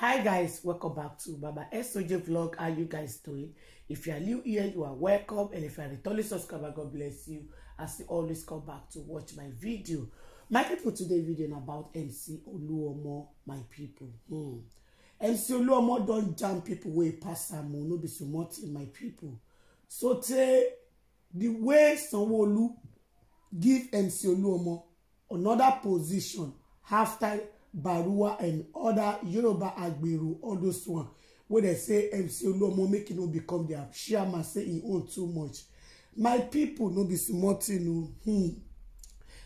hi guys welcome back to baba soj vlog how you guys doing if you are new here you are welcome and if you are returning subscriber god bless you as you always come back to watch my video my people today video na about mc oluomo my people hmm. mc oluomo don jam people wey pass am o oh, no be so much in my people so tey the way sanwoolu give mc oluomo another position after Baruwa and other Yoruba Agbiru, all those one. When they say MC Oluomo make no become their chairman, say he own too much. My people no be small thing no. Hmm.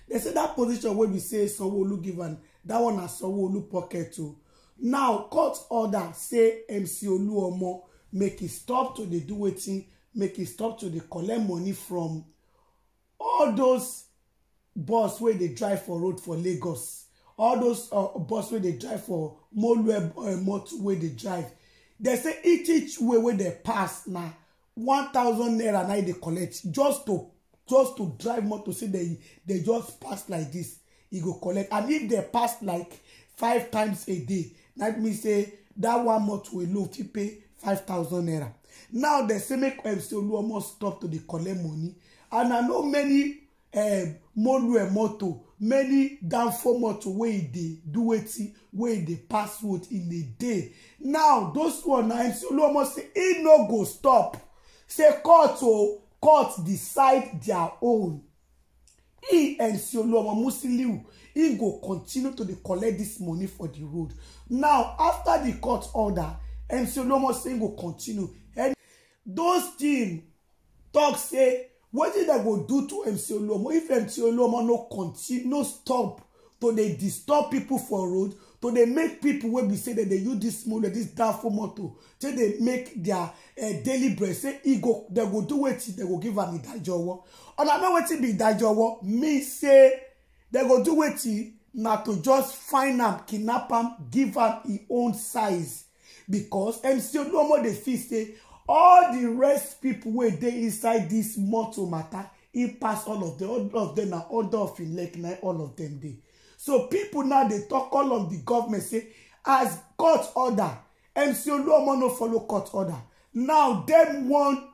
They say that position where we say Sanwo-Olu give that one na Sanwo-Olu pocket too. Now court order say MC Oluomo make he stop to the do thing. make he stop to the collect money from all those bus where they drive for road for Lagos all those uh, bus wey dey drive for molue uh, eh, motor wey dey drive dem say each each way wey dem pass na one thousand naira na e dey collect just to just to drive motor say dem dey just pass like this e go collect and if dem pass like five times a day that mean say that one motor alone fit pay five thousand naira now dem say make um, say oluomo stop to dey collect money and I know many um, eh, molue motor many downfall motor wey e dey do wetin wey e dey pass with in a day now those one na mc oluomo say e no go stop say court o oh, court decide their own e mc oluomo musiliu e go continue to dey collect dis money for di road now after di court order mc oluomo say e go continue and those team talk say wetin dem go do to mc oluomo if mc oluomo no continue no stop to dey disturb pipo for road to dey make pipo wey be say dem dey use dis motor dis doubtful motor say dey make dia eh, daily bread say e go dem go do wetin dem go give am idajo owo another wetin be idajo owo mean say dem go do wetin na to just find am kidnap am give am im e own size because mc oluomo dey feel say all the rest people wey dey inside this motor matter e pass all of them all of them na order of elect na all of them dey so people now dey talk all of the government say as court order mc oluomo no follow court order now dem wan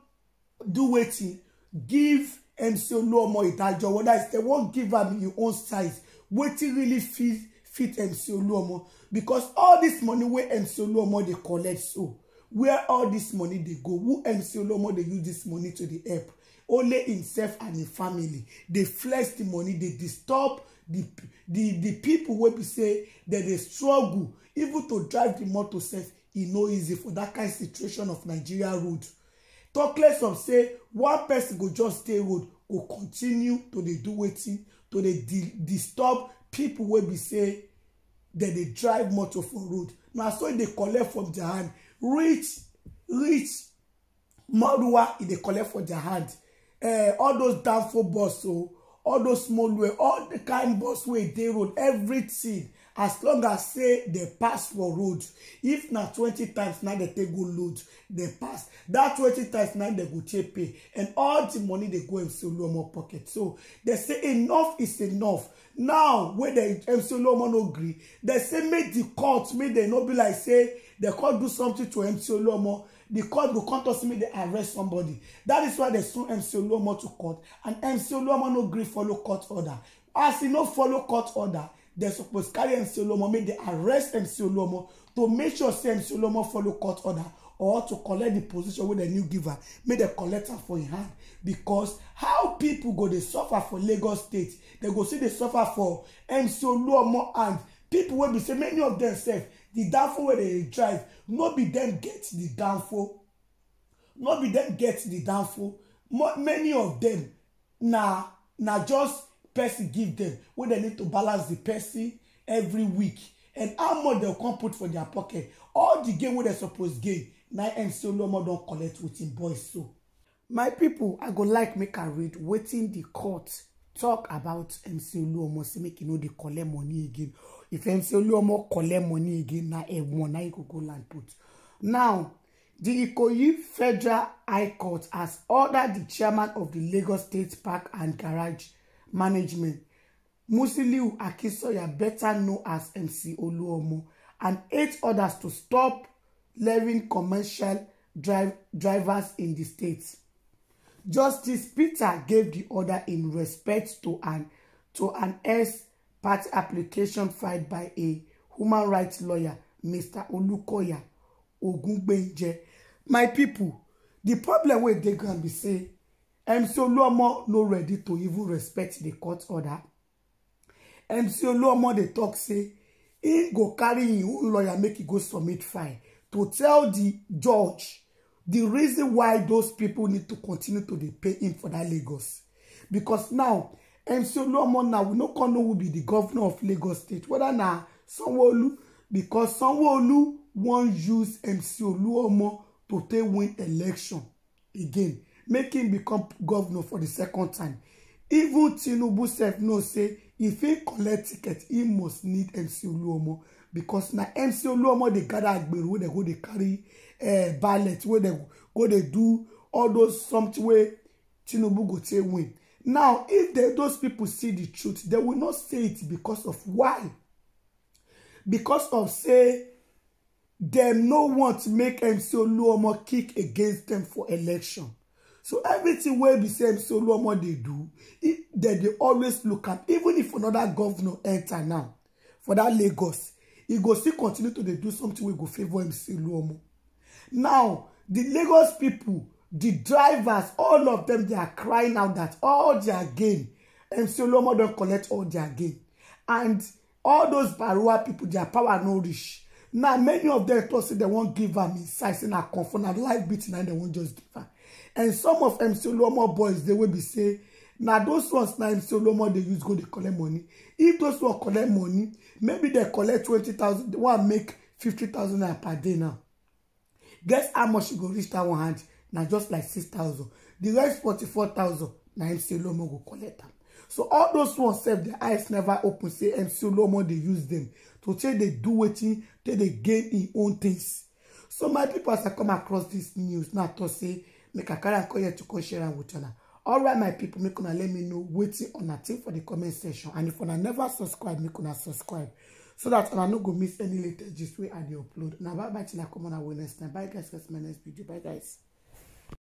do wetin give mc oluomo ìdájọ́ whether it's dem wan give am im own size wetin really fit fit mc oluomo because all this money wey mc oluomo dey collect so where all this money they go who mc olomo They use this money to the help only himself and his family They flex the money They disturb the the people. Will be say that they struggle even to drive the motor self. e no easy for dat kain situation of nigeria road Talk less of say one person go just stay road go continue to they do wetin to dey disturb people. Will be say that they drive motor for road Now, so they e collect from their hand rich rich Marwa e dey collect for their hand uh, all those downfall bus o oh, all those small well all the kind bus wey dey road everything as long as say dem pass for road if na twenty times na they take go load they pass That twenty times na they go take pay and all the money they go mc oluomo pocket so they say enough is enough now wey mc oluomo no gree they say make the court make dem no be like say the court do something to mc oluomo the court go come talk say make dem arrest somebody that is why they sue mc oluomo to court and mc oluomo no gree follow court order as he no follow court order dem suppose carry mc oluomo make dem arrest mc oluomo to make sure say mc oluomo follow court order or to collect the position wey dem new give am make dem collect am for im hand because how people go dey suffer for lagos state dem go still dey suffer for mc oluomo hand people wey be say many of dem sef the downfall wey dem drive no be dem get the downfall no be dem get the downfall many of dem na na just person give them wey they need to balance the person every week and how much they come put for their pocket all the gain wey they suppose gain na no more don collect with im boys so. my pipo i go like make i read wetin di court talk about mc oluomo say make e no dey collect money again if mc oluomo collect money again na ẹ̀wọ̀n na e go go land put now the ikoyi federal high court has ordered the chairman of the lagos state park and garage management. Musiliu Akisoya, better known as MC Oluomo, and eight others to stop levying commercial drive drivers in the state. Justice Peter gave the order in respect to an to an S parte application filed by a human rights lawyer, Mr. Olukoya Ogungbenje. My people, the problem wey dey ground be say MC Oluomo no ready to even respect the court order. MC Oluomo dey talk say he go carry his own lawyer make he go submit file to tell the judge the reason why those people need to continue to dey pay him for that Lagos. Because now MC Oluomo now we no come know who will be the governor of Lagos state whether na Sanwo-Olu because Sanwo-Olu use MC Oluomo to take win election again make him become governor for the second time even tinubu sef know say if he collect ticket he must need mc oluomo because na mc oluomo dey gather agbero wey dem go they carry uh, ballot where they go they do all those something where tinubu go take win now if they, those people see the truth they will not say it because of why because of say dem no want to make mc oluomo kick against them for election so everything will be say mc oluomo they do dem They always look am even if another governor enter now for that lagos he go still continue to dey do something wey go favour mc oluomo now the lagos people, the drivers all of them they are crying out that all their gain mc oluomo don't collect all their gain and all those barua pipo dia power no rich. now many of them tok they won't give am inside say na confirm na life beating and they won't just give am and some of them, mc more boys they will be say now those ones now, na mc more they use go to collect money if those one collect money maybe they collect twenty thousand one make fifty thousand naira per day now guess how much you go reach that one hand now? just like six thousand the rest forty-four thousand na mc olomo go collect them. so all those ones save their eyes never open say mc olomo they use them to say they do wetin take they gain their own things so my people as i come across this news now to say make call koye to come share am with una all right my people make una let me know wetin una think for the comment section and if una never subscribe make una subscribe so that una no go miss any latest gist wey i dey upload na bye bye till i come on our next time bye guys guys, my next video bye guys.